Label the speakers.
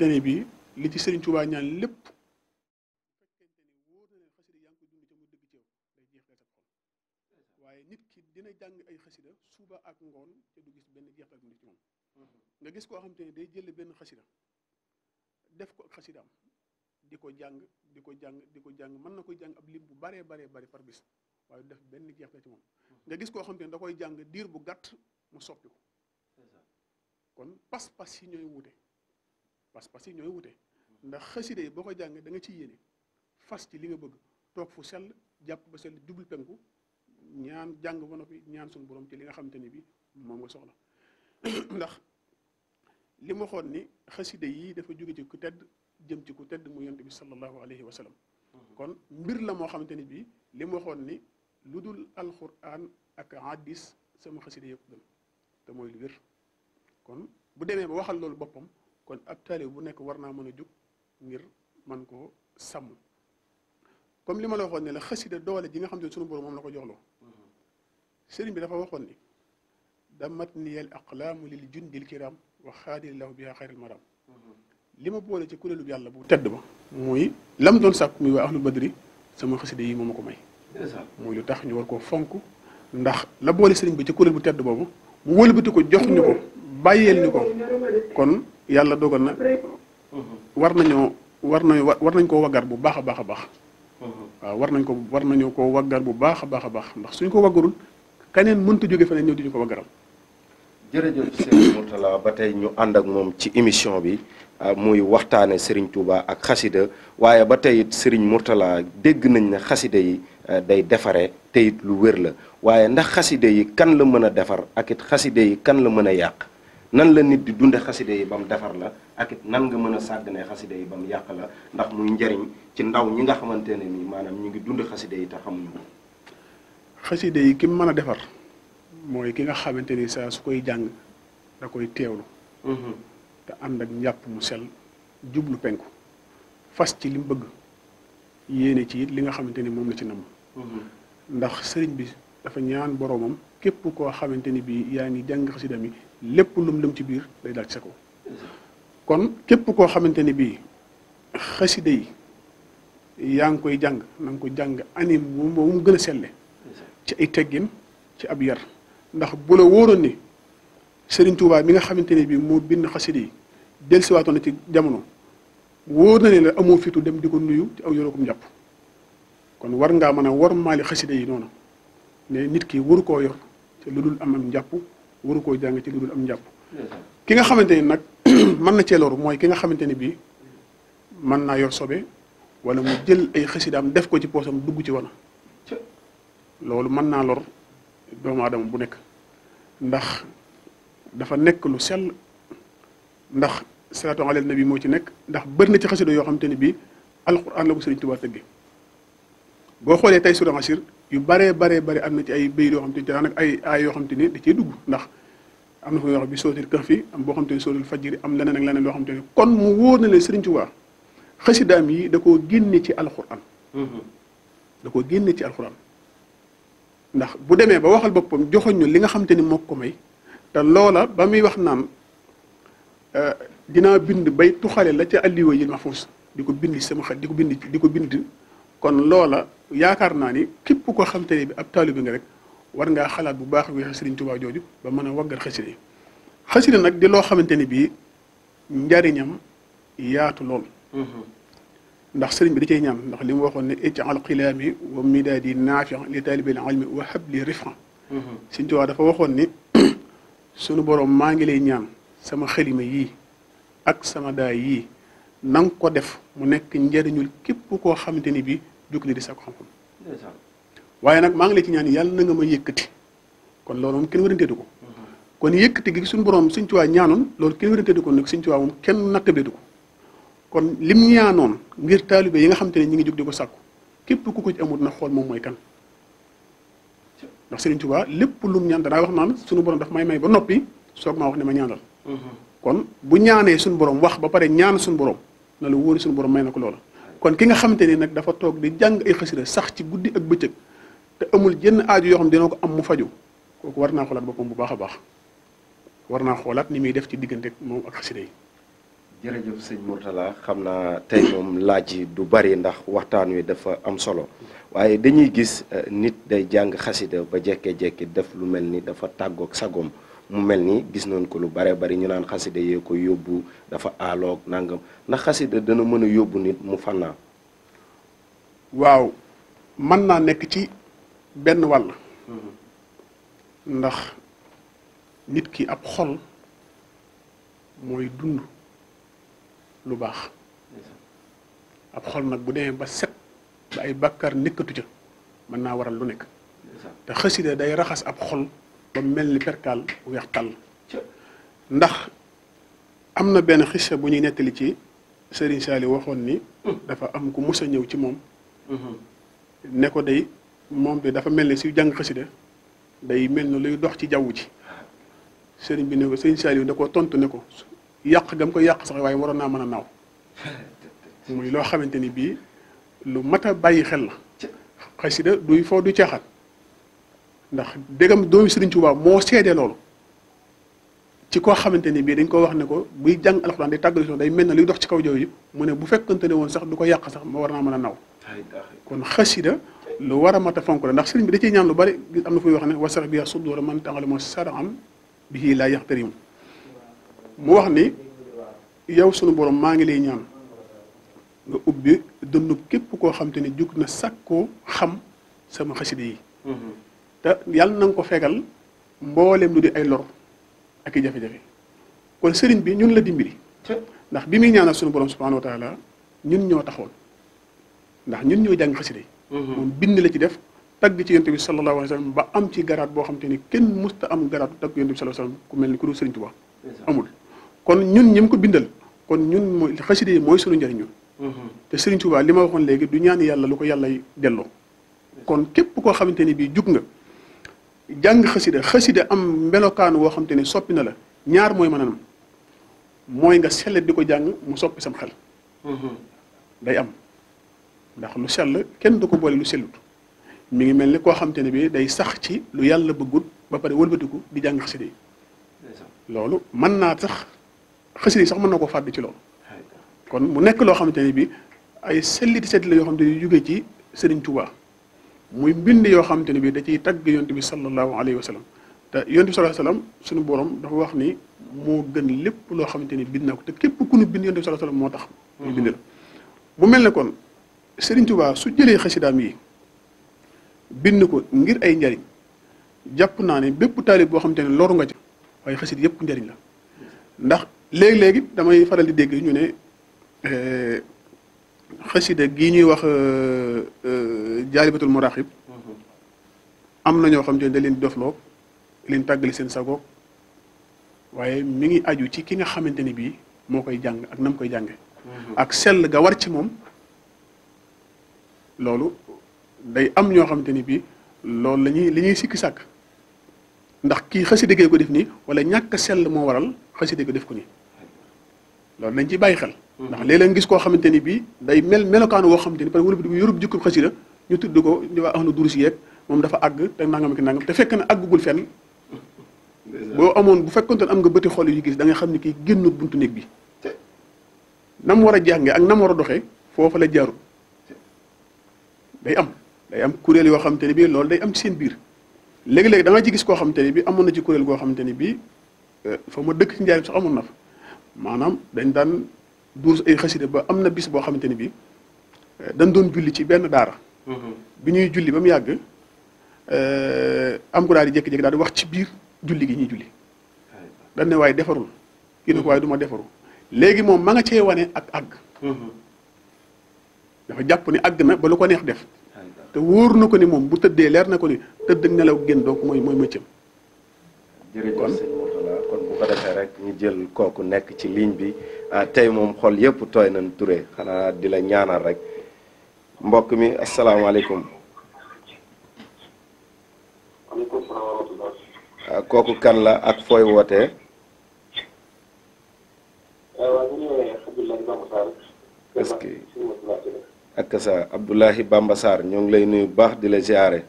Speaker 1: te ne bi li ci Serigne Touba ñaan lépp waaye nit ki dina jàng ay xasida suba ak ngoon te du gis benn jeexal nit ci moom nga gis koo xam te ne day jël benn xasida def ko ak xasidaam di ko jàng di ko jàng di ko jàng mën na ko jàng ab bu baree baree bari par waaye def benn jeexal ci moom nga gis koo xam te da koy jàng diir bu gàtt mu soppi
Speaker 2: ko
Speaker 1: kon pas-pas yi ñooy wuute pas-pas yi ñooy wute ndax xasida yi boo ko jàngee danga nga ci yéene fas ci li nga bëgg toog fu sell jàpp ba sell jublu penku ñaan jàng ba noppi ñaan suñu borom ci li nga xamante ni bi moom nga soxla ndax li ma xoon ni xasida yi dafa jóge ci ku tedd jëm ci ku tedd mu yonent bi sallallahu alayhi wa sallam mm-hmm. kon mbir la moo xamante ni bi li ma xoon ni lu dul alquran ak hadis sama xasida yëpp gën te mooy lu wér kon bu demee ba waxal loolu boppam kon ab taalibe bu nekk war naa mën a jug ngir man koo sàmm comme li ma la waxoon ne la xasida doole ji nga xam ne sunu borom moom la ko joxloo sëriñ bi dafa waxoon ni damat niyal aqlaamu lil jundil kiram wa xaadilillahu biha xayril maram li ma boole ci kuréelu yàlla bu tedd ba muy lam doon sàkk muy waa ahlul badri sama xasida yi moom ma ko may muy lu tax ñu war koo fonk ndax la boole sëriñ bi ci kuréel bu tedd boobu mu wëlbati ko jox ñu ko bàyyeel ñu ko kon yàlla dogal na war nañoo war nañu war nañ koo waggar bu baax a baax a baax war nañ ko war nañu koo waggar bu baax a baax a baax mhm. ndax suñ ko waggarul keneen mënta jóge feneen ñëw di ñu ko waggaral
Speaker 2: jërëjëf Serigne Mourtala ba tey ñu ànd ak moom ci émission bi ah, muy waxtaane Serigne Touba ak xasida waaye ba tey it Serigne Mourtala dégg nañ ne xasida yi ah, day defare te lu wër la waaye ndax xasida yi kan la mën a defar akit it xasida yi kan la mën a yàq nan la nit di dunde xaside yi ba mu defar la ak it nan nga mën a sàggane xaside yi ba mu yàq la ndax muy njariñ ci ndaw ñi nga xamante ne nii maanaam ñu ngi dund xaside yi te
Speaker 1: xaside yi ki mën a defar mooy ki nga xamante ni su koy jàng da koy mhm. ànd ak njàpp mu sel jublu penku fas ci li bëgg yéene ci it li nga xamante ni moom la ci namm mhm. ndax sëriñ bi dafa ñaan boroomam képp koo xamante ni bi yaa ngi jàng xasida mi lépp lum lum ci biir day dal ci sa kon képp koo xamante ni bii xasida yi yaa ngi koy jàng na nga ko jàng anim bu mu gën a selle ci ay teggin ci ab yar ndax bu la wóoroon ni Serigne Touba mi nga xamante ne bii mu bind xasida yi dellusiwaatoon na ci jamono wóor na ne la amoo fitu dem di ko nuyu ci aw yorookum njàpp kon war ngaa mën a war maali xasida yi noonu mais nit ki waru koo yor te lu dul am am njàpp waru koo jàng ci lu dul am njàpp ki nga xamante ni nag mën na cee loru mooy ki nga xamante ni bii mën naa yor sobe wala mu jël ay xasidaam def ko ci poosam dugg ci wana loolu mën naa lor doomu aadama bu nekk ndax dafa nekk lu sell ndax salaatu na nabi moo ci nekk ndax bëri na ci xasida yoo xamante ni bii alquran la ko Sëriñ Tuubaa tëgge boo xoolee tey sura Asir yu baree baree bari am na ci ay bayit yoo xam te daanaka ay ay yoo xam ni da ciy dugg ndax am na fa yoo xam bi sootil kër fi am boo xam te ne sootil fajiri am leneen ak leneen loo xam te ne kon mu wóor na leen Sëriñ Tuubaa xasidaam yi da koo génne ci alxuraan mhm. da koo génne ci alxuraan ndax bu demee ba waxal boppam joxoñ ñu li nga xam te ni mook ko may te loola ba muy wax naan euh, dinaa bind bay tuxale la ca alliwa yi mahfuus di ko bind sama xel di ko bind di ko bind kon loola yaakaar naa ni képp koo xam te ne bi ab taalibe nga rek war ngaa xalaat bu baax wi Sëriñ Tuubaa jooju ba mën a waggal xasida yi xasida nag di loo xamante ni bii njariñam yaatu lool mhm. ndax sëriñ bi da cay ñaan ndax li mu waxoon ne ij'al qilaami wa midaadi naafian li taalibil ilmi wa habli rifan mhm. Sëriñ Tuubaa dafa waxoon ni sunu boroom maa ngi lay ñaan sama xalima yii ak sama daa yii nang ko def mu nekk njariñul képp koo xamante ni bii jóg di di sàkku xam waaye nag maa ngi la ci ñaan yàlla na nga ma yëkkati kon loolu moom kenn wéranteetu ko mm-hmm. kon yëkkati gi suñu borom Sëñ Tuubaa ñaanoon loolu kenn wéranteetu ko nag Sëñ Tuubaa moom kenn nattableetu ko kon lim ñaanoon ngir taalibe yi nga xam te ne ñi ngi jóg di sàkku képp ku ko ci amut na xool moom mooy kan ndax Sëriñ Tuubaa lépp lum ñaan danaa wax naan suñu borom daf may may ba noppi soog maa wax ne ma ñaanal mm-hmm. kon bu ñaanee suñu borom wax ba pare ñaan suñu borom na la wóori suñu borom may na ko loola kon ki nga xamante ni nag dafa toog di jàng ay xasida sax ci guddi ak bëccëg te amul jenn aaju yoo xam dina ko am mu faju kooku war naa xoolaat boppam bu baax a baax war naa xoolaat ni muy def ci diggante moom ak xasida yi
Speaker 2: jërëjëf sëñ Mourtala xam naa tey moom laaj yi du bari ndax waxtaan wi dafa am solo waaye dañuy gis eh, nit day jàng xasida ba jekke-jekki def lu mel ni dafa tàggook sagom mu mel ni gis nañ ko lu bare bari ñu naan xasida yee ko yóbbu dafa aaloog nangam ndax xasida dana mën a yóbbu nit mu fannaa waaw
Speaker 1: mën naa nekk ci benn wàll mm-hmm. ndax nit ki ab xol mooy dund lu baax ab xol nag bu demee ba set ba ay bàkkaar nekkatu ca mën naa waral lu nekk te xasida day raxas ab xol ba mel ni perkaal bu weex tàll ndax am na benn xissa bu ñuy nettali ci Serigne Sali waxoon ni dafa am ku mus a ñëw ci moom ne ko day moom bi dafa mel ni si jàng xasida day mel ni luy dox ci jaww ji sëriñ bi ne ko Serigne Sali da koo tontu ne ko yàq gam ko yàq sax waaye waroon naa mën a naaw muy loo xamante ni bii lu mat a bàyyi xel la xasida duy foo du caaxaan ndax dégam doomi Sëriñ Tuubaa moo seede loolu ci koo xamante ni bii dañ koo wax ne ko buy jàng alxuraan day tàggali soon day mel na luy dox ci kaw jaww yi mu ne bu fekkante ne woon sax du ko yàq sax ma war naa mën a naw kon xasida lu war a mat a fonk la ndax sëriñ bi da ciy ñaan lu bari am na fuy wax ne wasax bi sudoora man tàngale moo sara am bi laa yaxtarim mu wax ni yow sunu borom maa ngi lay ñaan nga ubbi képp koo xam te ne jug na sàkkoo xam sama xasida yi te yàlla na ko fegal mbooleem lu di ay lor ak i jafe-jafe kon sëriñ bi ñun la dimbali ndax bi muy ñaanal suñu borom subhanahu wa taala ñun ñoo taxoon ndax ñun ñoo jàng xasida yi mm-hmm. moom bind la ci def tagg ci yonte bi sallallahu alayhi wa ba am ci garaat boo xam ni kenn musta am garaat tagg yonte bi sallallahu ku mel ni ku dul sëriñ amul kon ñun ñim ko bindal kon ñun mooy xasida yi mooy suñu njëriñ ñun mm-hmm. te sëriñ Tuubaa li ma waxoon léegi du ñaan yàlla lu ko yàlla delloo kon képp koo xamante ni bii jug nga jàng xasida xasida am melokaanu woo xam te soppi na la ñaar mooy mën a mooy nga sellet di ko jàng mu soppi sam xel mhm. day am ndax lu sell kenn du ko boole lu sellut mu ngi mel ni koo xam ne bi day sax ci lu yàlla bëggut ba pare wëlbatiku di jàng xasida yi loolu mën naa sax xasida yi sax mën na koo fàdd ci loolu kon mu nekk loo xamante ne bi ay selliti setti la yoo xam te ne jógee ci Sëriñ tubaa muy mbind yoo xamante ne bii da ciy tagg yonent bi sallallahu alayhi wa sallam te yonent bi sallallahu alayhi suñu borom dafa wax ni moo gën lépp loo xamante ni bind na ko te képp ku ñu bind yonent bi sallallahu alayhi moo tax. muy bind la bu mel ne kon Serigne su jëlee xasidaam yi bind ko ngir ay njariñ jàpp naa ne bépp taalib boo xamante ne loru nga ca waaye xasit yëpp njariñ la ndax léegi léegi damay faral di dégg ñu ne. Eh, xasida gii ñuy wax euh, euh, jaalibatul muraqib mm-hmm. am na ñoo xam te ne da leen dofloo leen tàggali seen sago waaye mi ngi aju ci ki nga xamante ni bii moo koy jàng ak nam koy jànge mm-hmm. ak sell ga war ci moom loolu day am ñoo xamante ni bii loolu la li ñuy sikki sàkk ndax kii xasida gee ko def nii wala ñàkk sell moo waral xasida ko def ko nii loolu nañ ci bàyyi xel ndax léeg-léeg gis koo xamante ni bii day mel melokaanu woo xamante ni parce que wala bi di yorub jikko xasida ñu tudd ko di waa ahlu durus yeeg moom dafa àgg te nangam ki nangam te fekk na àggugul fenn boo amoon bu fekkonte am nga bëti xol yu gis da xam ne kii génnut buntu néeg bi nam war a jàngee ak nam war a doxee foofa la jaarul day am day am kuréel yoo xamante ni bii loolu day am ci seen biir léegi léeg da nga ci gis koo xamante ni bii amoon na ci kuréel goo xamante ni bii euh, fa ma dëkk ci njaarib sax amoon na fa maanaam dañ daan duus ay xasida ba am na bis boo xamante ni bii euh, dañ doon julli ci benn daara. Mhm. bi ñuy julli ba mu yàgg euh, am ko daal di jékki-jékki daal di wax ci biir julli gi ñuy julli. dañ ne waaye defarul. kii ne ko waaye duma ma defaru léegi moom ma nga cee wane ak àgg. Mhm. dafa jàpp ni àgg na ba lu ko neex def. te wóor na ko ni moom bu tëddee leer na ko ni tëdd ak nelaw génn donc mooy mooy mëccam.
Speaker 2: jërëjëf kon. rek ñu jël kooku nekk ci ligne bi ah, tey moom xol yëpp tooy nañ Touré xanaa di la ñaanal rek mbokk mi asalaamaaleykum. Ah, kooku kan la ak fooy woote ah, est-ce que ak sa Abdoulahi Bamba ñoo ngi lay nuyu baax di la ziare.